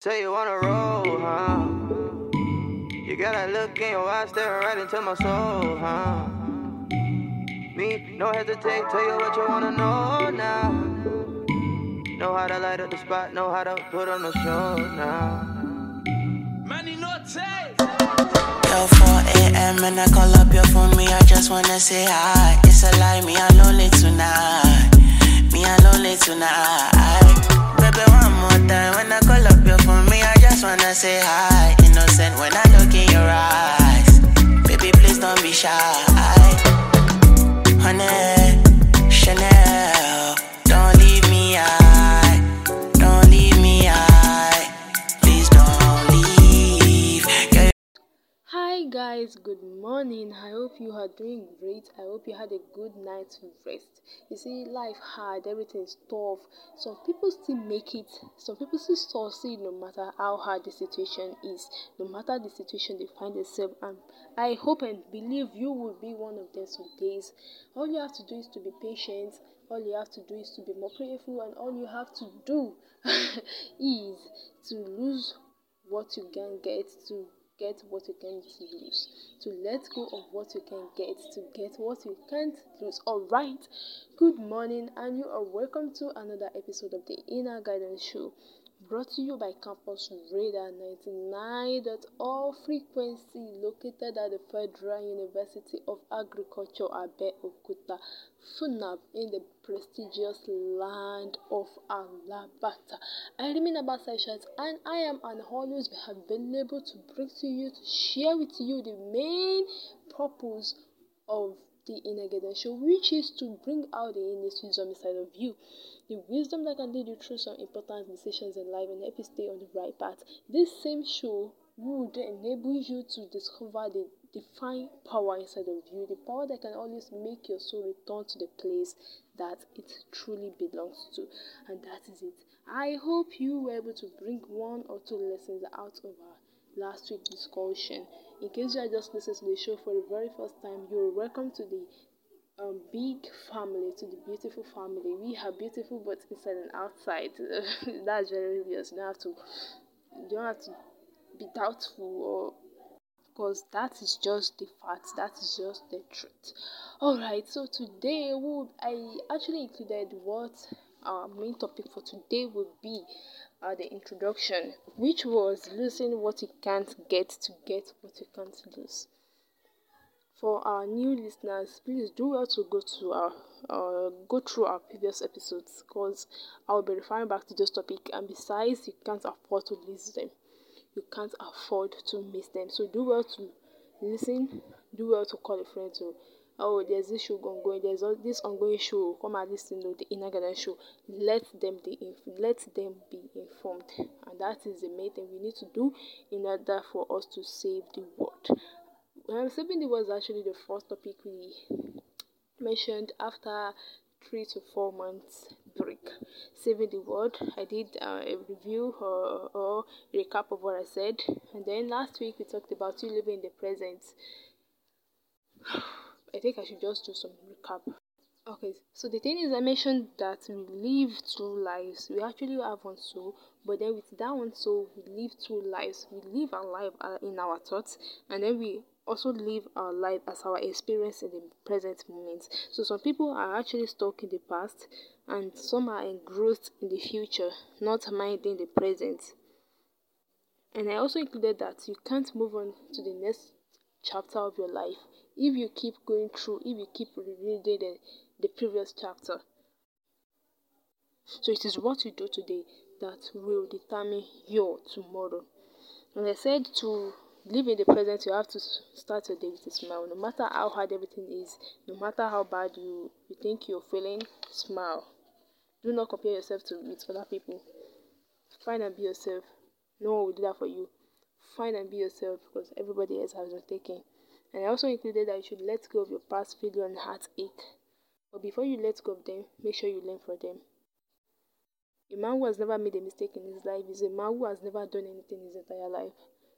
Say you wanna roll, huh? You got that look in your eyes staring right into my soul, huh? Me, no hesitate, tell you what you wanna know now. Know how to light up the spot, know how to put on a show now. Money no taste. Yo, 4 a.m. and I call up your phone, me, I just wanna say hi. It's a lie, me, I'm lonely tonight. Me, I'm lonely tonight it one more time when I call up your phone. Me, I just wanna say hi. Innocent when I look in your eyes. Baby, please don't be shy. Honey. guys good morning i hope you are doing great i hope you had a good night's rest you see life hard everything's tough some people still make it some people still succeed no matter how hard the situation is no matter the situation they find themselves and i hope and believe you will be one of them some days all you have to do is to be patient all you have to do is to be more prayerful and all you have to do is to lose what you can get to get what you can't lose, to let go of what you can get, to get what you can't lose. All right, good morning, and you are welcome to another episode of the Inner Guidance Show. brought to you by Campus Radar 99 that all frequency located at the Federal University of Agriculture Abeokuta, FUNAB, in the prestigious land of Alabata. I remain Abasa Ishat and I am and always available to bring to you, to share with you the main purpose of the inner Gedensho, which is to bring out the inner wisdom inside of you. The wisdom that can lead you through some important decisions in life and help you stay on the right path. This same show would enable you to discover the divine power inside of you, the power that can always make your soul return to the place that it truly belongs to. And that is it. I hope you were able to bring one or two lessons out of our last week's discussion. In case you are just listening to the show for the very first time, you're welcome to the um, big family, to the beautiful family. We are beautiful both inside and outside. That's very obvious. You don't have to, you don't have to be doubtful or because that is just the fact that is just the truth all right so today i actually included what our main topic for today will be uh, the introduction, which was losing what you can't get to get what you can't lose. For our new listeners, please do well to go to our uh, go through our previous episodes because I'll be referring back to those topics. And besides, you can't afford to lose them. You can't afford to miss them. So do well to listen. Do well to call a friend to oh oh, there's this show going, there's all this ongoing show, come at least you know, the garden show. Let them be, let them be informed, and that is the main thing we need to do in order for us to save the world. Um, saving the world is actually the first topic we mentioned after three to four months break. Saving the world, I did uh, a review or, or recap of what I said, and then last week we talked about you living in the present. I think I should just do some recap. Okay, so the thing is, I mentioned that we live two lives. We actually have one soul, but then with that one soul, we live two lives. We live our life uh, in our thoughts, and then we also live our life as our experience in the present moment. So some people are actually stuck in the past, and some are engrossed in the future, not minding the present. And I also included that you can't move on to the next chapter of your life if you keep going through, if you keep reading the, the previous chapter. So it is what you do today that will determine your tomorrow. And I said to live in the present, you have to start your day with a smile. No matter how hard everything is, no matter how bad you, you think you're feeling, smile. Do not compare yourself to with other people. Find and be yourself. No one will do that for you find and be yourself because everybody else has taken. And I also included that you should let go of your past failure and heartache. But before you let go of them, make sure you learn from them. A man who has never made a mistake in his life is a man who has never done anything his entire life.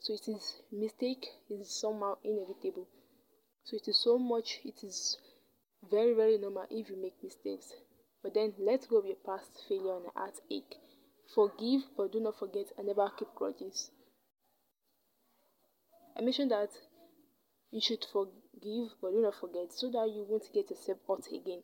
So it is mistake is somehow inevitable. So it is so much it is very very normal if you make mistakes. But then let go of your past failure and heartache. Forgive but do not forget and never keep grudges. I mentioned that you should forgive but do not forget so that you won't get yourself hurt again.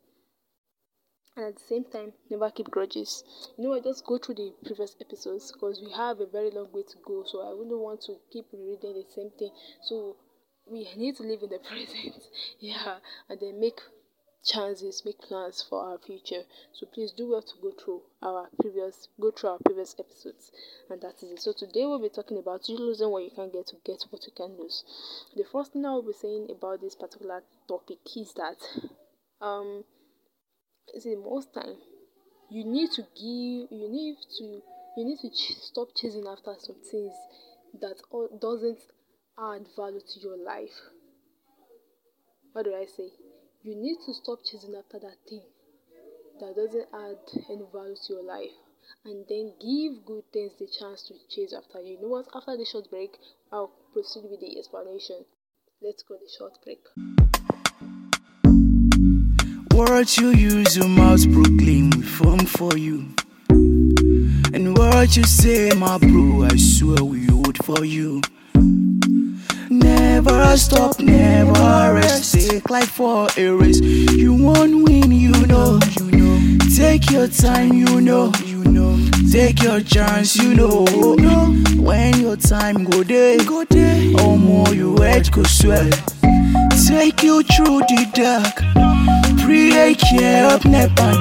And at the same time, never keep grudges. You know I Just go through the previous episodes because we have a very long way to go. So I wouldn't want to keep reading the same thing. So we need to live in the present, yeah, and then make chances, make plans for our future. So please do well to go through our previous go through our previous episodes. And that is it. So today we'll be talking about you losing what you can get to get what you can lose. The first thing I will be saying about this particular topic is that um the most time you need to give you need to you need to ch- stop chasing after some things that doesn't add value to your life. What do I say? you need to stop chasing after that thing that doesn't add any value to your life and then give good things the chance to chase after you. You know what? After the short break, I'll proceed with the explanation. Let's go the short break. What you use your mouth proclaim we form for you. And what you say, my bro, I swear we hold for you never stop, never rest. Take life for a race. You won't win, you know. You know. Take your time, you know. You know. Take your chance, you know. You know. When your time go day, go day. Oh more you wait, go swell. Take you through the dark. Create care up never.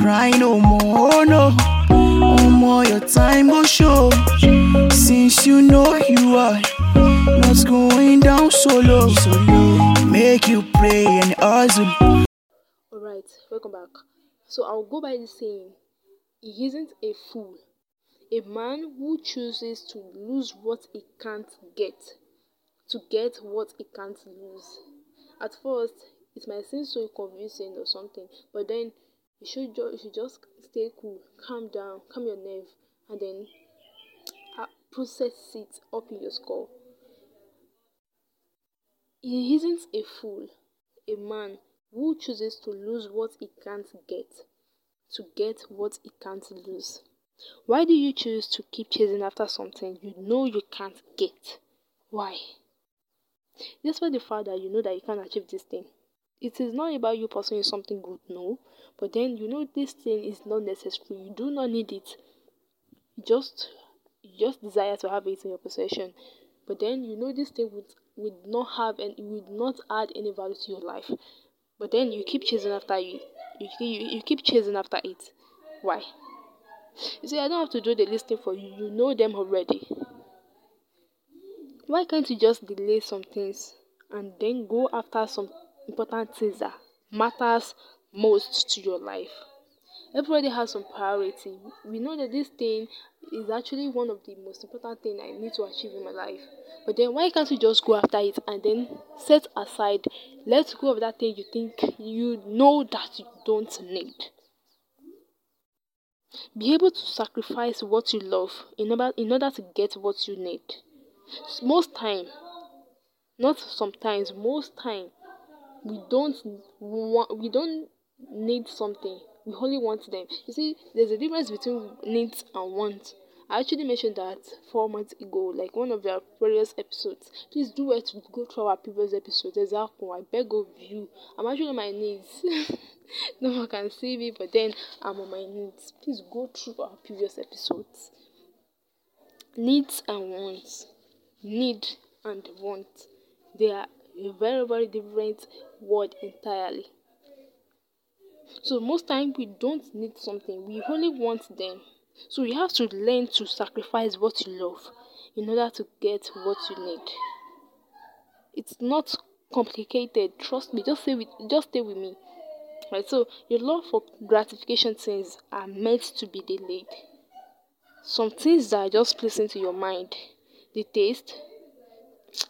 Cry no more, no. Oh more your time go show. Since you know you are. What's going down solo. solo. Make you pray and awesome. Alright, welcome back. So I'll go by the saying, he isn't a fool. A man who chooses to lose what he can't get, to get what he can't lose. At first, it might seem so convincing or something, but then you should, ju- you should just stay cool, calm down, calm your nerve, and then uh, process it up in your skull. He isn't a fool, a man who chooses to lose what he can't get to get what he can't lose. Why do you choose to keep chasing after something you know you can't get? Why? Despite the fact that you know that you can't achieve this thing, it is not about you pursuing something good, no. But then you know this thing is not necessary. You do not need it. just you just desire to have it in your possession. But then you know this thing would would not have and would not add any value to your life but then you keep chasing after you you, you, you keep chasing after it why you see i don't have to do the listing for you you know them already why can't you just delay some things and then go after some important things that matters most to your life everybody has some priority we know that this thing is actually one of the most important thing i need to achieve in my life but then why can't you just go after it and then set aside let go of that thing you think you know that you don't need be able to sacrifice what you love in order, in order to get what you need most time not sometimes most time we don't want we don't need something we only want them. You see, there's a difference between needs and wants. I actually mentioned that four months ago, like one of our previous episodes. Please do it to go through our previous episodes. Exactly. I beg of you. I'm actually on my knees. no one can see me, but then I'm on my knees. Please go through our previous episodes. Needs and wants. Need and want. They are a very, very different word entirely. So most time we don't need something, we only want them. So you have to learn to sacrifice what you love in order to get what you need. It's not complicated, trust me. Just stay with just stay with me. Right? So your love for gratification things are meant to be delayed. Some things that are just placed into your mind, the taste,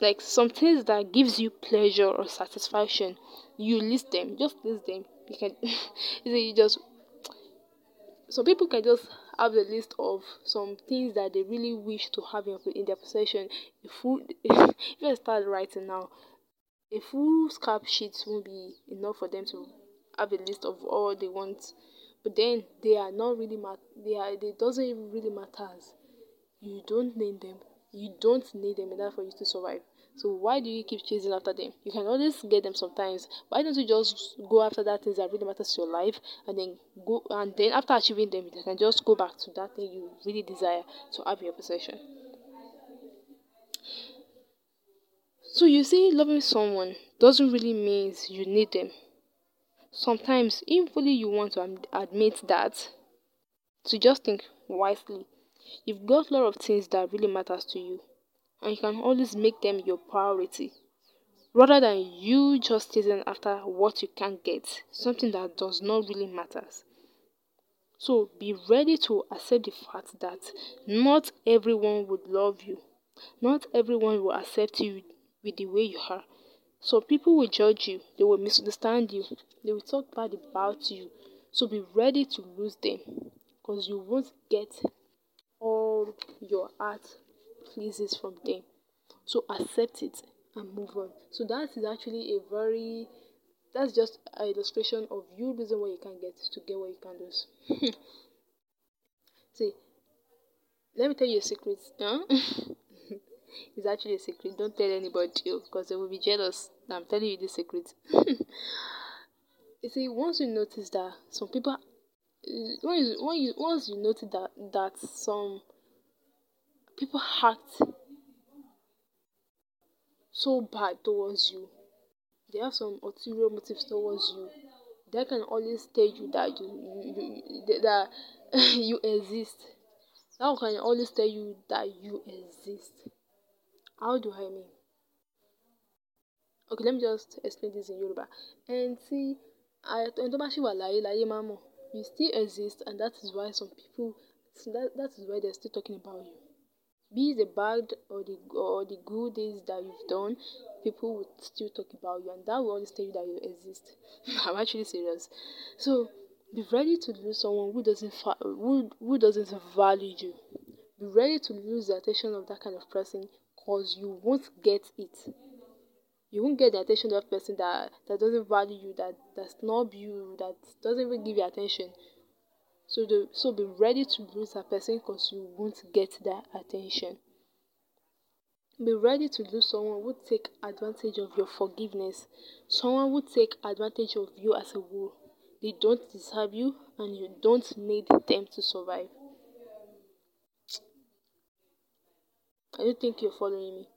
like some things that gives you pleasure or satisfaction, you list them, just list them you can you just some people can just have the list of some things that they really wish to have in, in their possession. A full, if you start writing now, a full scrap sheet won't be enough for them to have a list of all they want. But then they are not really mat. They are. It doesn't really matter. You don't name them you don't need them enough for you to survive. So why do you keep chasing after them? You can always get them sometimes. Why don't you just go after that thing that really matters to your life and then go and then after achieving them you can just go back to that thing you really desire to have your possession. So you see loving someone doesn't really mean you need them. Sometimes even you want to admit that. To just think wisely You've got a lot of things that really matters to you and you can always make them your priority rather than you just chasing after what you can't get, something that does not really matters. So be ready to accept the fact that not everyone would love you. Not everyone will accept you with the way you are. So people will judge you, they will misunderstand you, they will talk bad about you. So be ready to lose them because you won't get all your heart pleases from them. So accept it and move on. So that is actually a very that's just an illustration of you losing what you can get to get what you can lose. See, let me tell you a secret. Huh? it's actually a secret. Don't tell anybody because oh, they will be jealous. I'm telling you this secret. you see, once you notice that some people, uh, when you, when you once you notice that that some people act so bad towards you. They have some ulterior motives towards you. They can always tell you that you, you, you that you exist. That can always tell you that you exist. How do I mean? Okay, let me just explain this in Yoruba. And see, I don't know you still exist, and that is why some people that, that is why they're still talking about you. be it the bad or the or the good things that you've done, people would still talk about you, and that will always tell you that you exist. I'm actually serious. So be ready to lose someone who doesn't fa- who, who doesn't value you. Be ready to lose the attention of that kind of person, cause you won't get it. You won't get the attention of a person that, that doesn't value you, that, that snob you, that doesn't even give you attention. So, the, so be ready to lose that person because you won't get their attention. Be ready to lose someone who take advantage of your forgiveness. Someone who take advantage of you as a whole. They don't deserve you and you don't need them to survive. I don't think you're following me.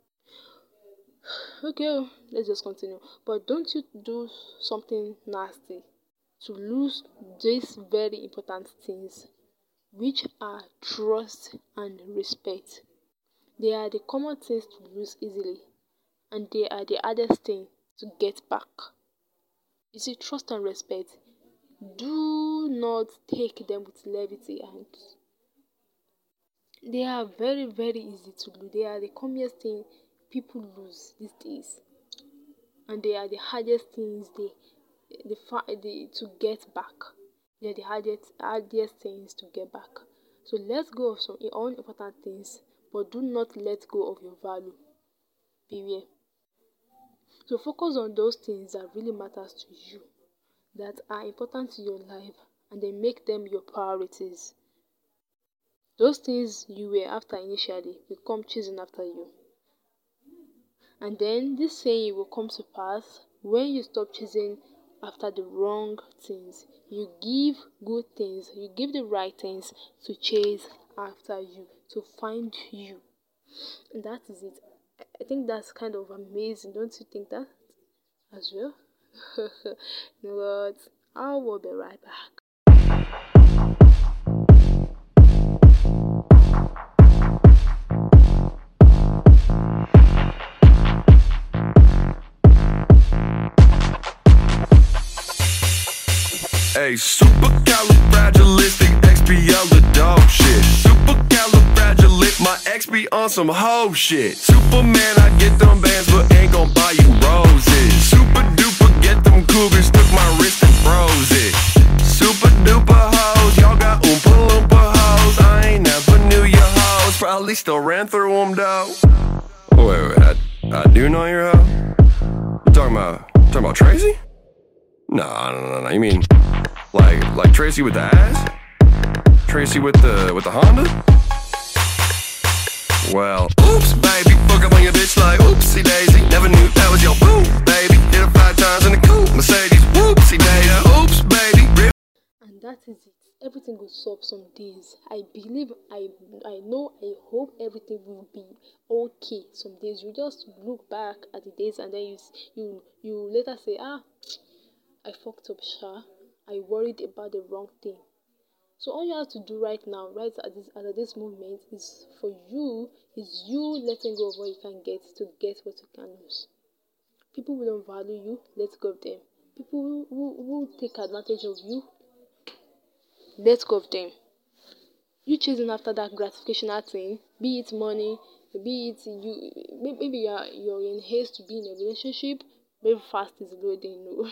Okay, let's just continue. But don't you do something nasty to lose these very important things, which are trust and respect. They are the common things to lose easily, and they are the hardest thing to get back. You see, trust and respect, do not take them with levity and they are very very easy to lose they are the commonest thing people lose these days and they are the hardest things they the, fa- the to get back. They're the hardest, hardest things to get back. So let go of some unimportant things, but do not let go of your value. Period. So focus on those things that really matters to you, that are important to your life, and then make them your priorities. Those things you were after initially will come chasing after you. And then this saying will come to pass when you stop chasing after the wrong things. You give good things, you give the right things to chase after you, to find you. And that is it. I think that's kind of amazing, don't you think that as well? you know what? I will be right back. Hey, supercalifragilisticexpialidocious. dog shit. Supercalifragilistic, my ex on some hoe shit. Superman, I get them bands, but ain't gon' buy you roses. Super duper, get them cougars, took my wrist and froze it. Super duper hoes, y'all got oompa loompa hoes. I ain't never knew your hoes, probably still ran through them though. Wait, wait, I, I do know your hoe. You talking about, talking about Tracy? No, no, no, no. You mean like like Tracy with the ass? Tracy with the with the Honda? Well, oops, baby, fuck up on your bitch like oopsie daisy. Never knew that was your boo, baby. five times in the coupe, Mercedes, daisy, oops, baby. Rip. And that is it. Everything will stop some days. I believe, I, I know, I hope everything will be okay. Some days you just look back at the days and then you, you, you later say, ah. I fucked up, sha. I worried about the wrong thing. So all you have to do right now, right at this at this moment, is for you is you letting go of what you can get to get what you can lose. People who don't value you, let go of them. People who, who, take advantage of you, let go of them. You chasing after that gratification thing, be it money, be it you maybe you're you're in haste to be in a relationship, maybe fast is loading. No.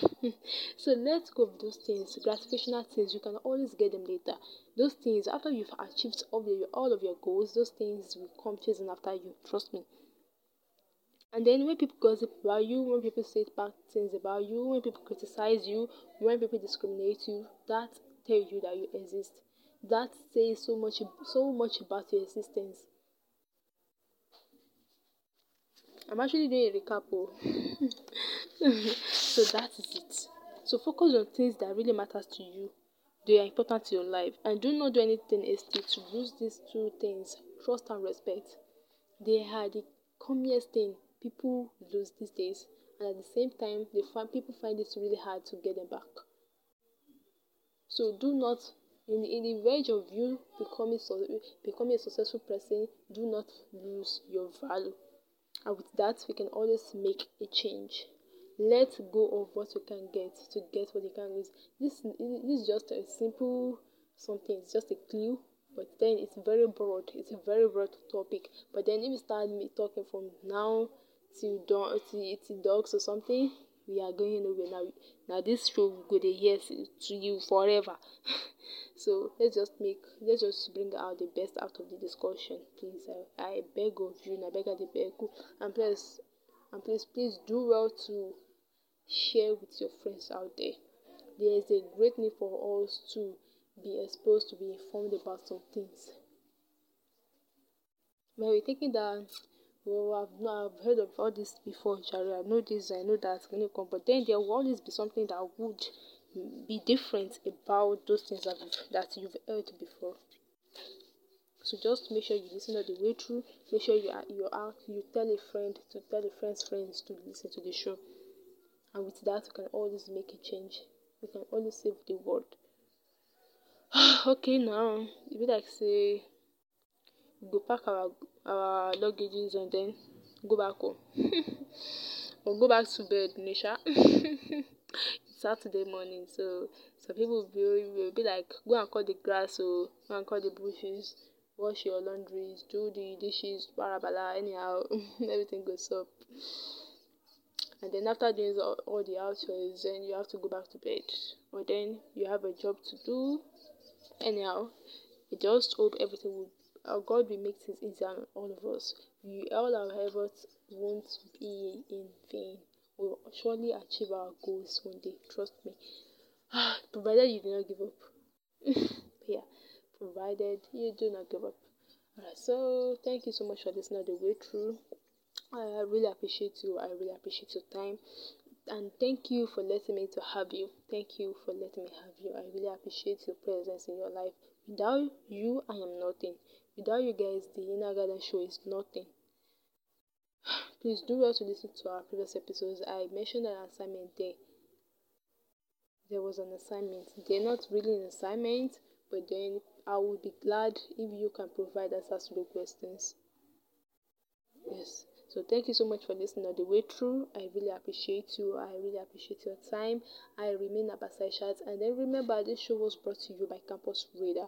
so let go of those things, gratificational things. You can always get them later. Those things, after you've achieved all of your, all of your goals, those things will come chasing after you. Trust me. And then when people gossip about you, when people say bad things about you, when people criticize you, when people discriminate you, that tell you that you exist. That says so much so much about your existence. I'm actually doing a recap. Oh. so that is it. So focus on things that really matters to you. They are important to your life. And do not do anything stupid to lose these two things, trust and respect. They are the commonest thing people lose these days. And at the same time, they find people find it really hard to get them back. So do not in, in the verge of you becoming becoming a successful person, do not lose your value and with that we can always make a change let go of what you can get to get what you can lose this, this is just a simple something it's just a clue but then it's very broad it's a very broad topic but then if you start me talking from now till dog till dogs or something we are going nowhere now. na this show we go dey hear to you forever so let's just make let's just bring out the best out of the discussion please i i beg of you na beg i dey beg you and please, and please please do well to share with your friends out there there is a great need for us to be exposed to be informed about some things when we taking down you have not I've heard of all this before, Jare, I know this, I know that, but then there will always be something that would be different about those things that you've, that you've heard before. So just make sure you listen all the way through. Make sure you are, you are you tell a friend to tell a friend's friends to listen to the show. And with that, you can always make a change. You can always save the world. okay, now if you like say, go pack our our luggages and then go back home or go back to bed nisha saturday morning so some people will be, will be like go and cut the grass or oh. go and cut the bushes wash your laundries do the dishes barabala anyhow everything goes up and then after doing all, all the house then you have to go back to bed or then you have a job to do anyhow I just hope everything will our God will make things easier on all of us. We, all our efforts won't be in vain. We'll surely achieve our goals one day. Trust me. provided you do not give up. yeah, provided you do not give up. Alright, so thank you so much for listening all the way through. I really appreciate you. I really appreciate your time. And thank you for letting me to have you. Thank you for letting me have you. I really appreciate your presence in your life. Without you, I am nothing. Without you guys, the Inner Garden show is nothing. Please do well to listen to our previous episodes. I mentioned an assignment there. There was an assignment. They're not really an assignment, but then I will be glad if you can provide answers to the questions. Yes. So thank you so much for listening all the way through. I really appreciate you. I really appreciate your time. I remain Abasai Chat. And then remember, this show was brought to you by Campus Reader.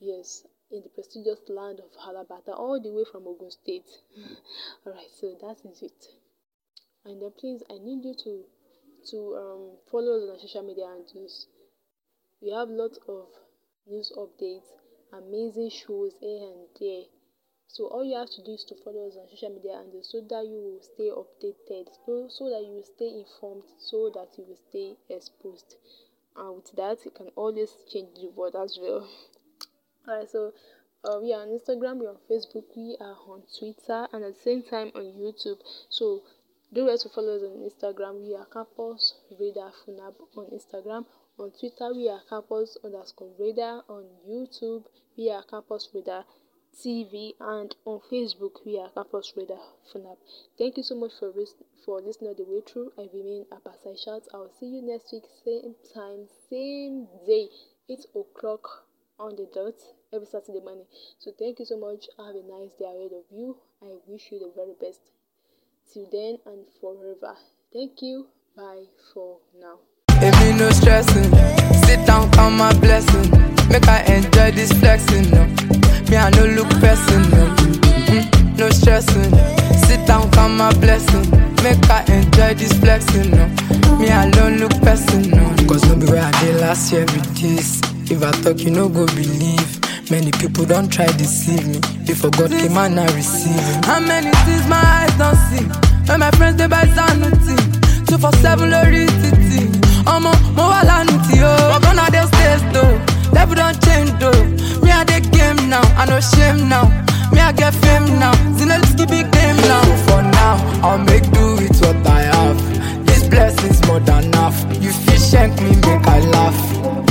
Yes, in the prestigious land of Alabata, all the way from Ogun State. All right, so that is it. And then please, I need you to to um, follow us on social media and handles. We have lots of news updates, amazing shows here and there. So all you have to do is to follow us on social media and so that you will stay updated, so, so that you will stay informed, so that you will stay exposed. And with that, you can always change the world as well. Alright, so uh, we are on Instagram, we are on Facebook, we are on Twitter, and at the same time on YouTube. So do well to follow us on Instagram. We are Campus Radar Funab on Instagram. On Twitter, we are Campus underscore Radar. On YouTube, we are Campus Radar TV, and on Facebook, we are Campus Radar Funab. Thank you so much for ris- for listening the way through. I remain Abasai Shout. I'll see you next week, same time, same day, eight o'clock on the dot every Saturday morning. So thank you so much. Have a nice day ahead of you. I wish you the very best. Till then and forever. Thank you. Bye for now. If you no stressing, sit down, count my blessing. Make I enjoy this flexing. No. Me, I no look pressing. No, mm-hmm. no stressing. Sit down, count my blessing. Make I enjoy this flexing. No. Me, I don't look pressing. No. Cause nobody where I did last year with this. If I talk, you no go believe. Many people don't try deceive me. Before God came and I receive. Him. How many things my eyes don't see? When my friends they buy sanity. Two for seven lorry city. I'm on more alanity. Oh, but now they stay though. Devil don't change though. Me I the game now. I no shame now. Me I get fame now. Zinelski big name now. For now, I'll make do with what I have. This blessing's more than enough. You fish shank me, make I laugh.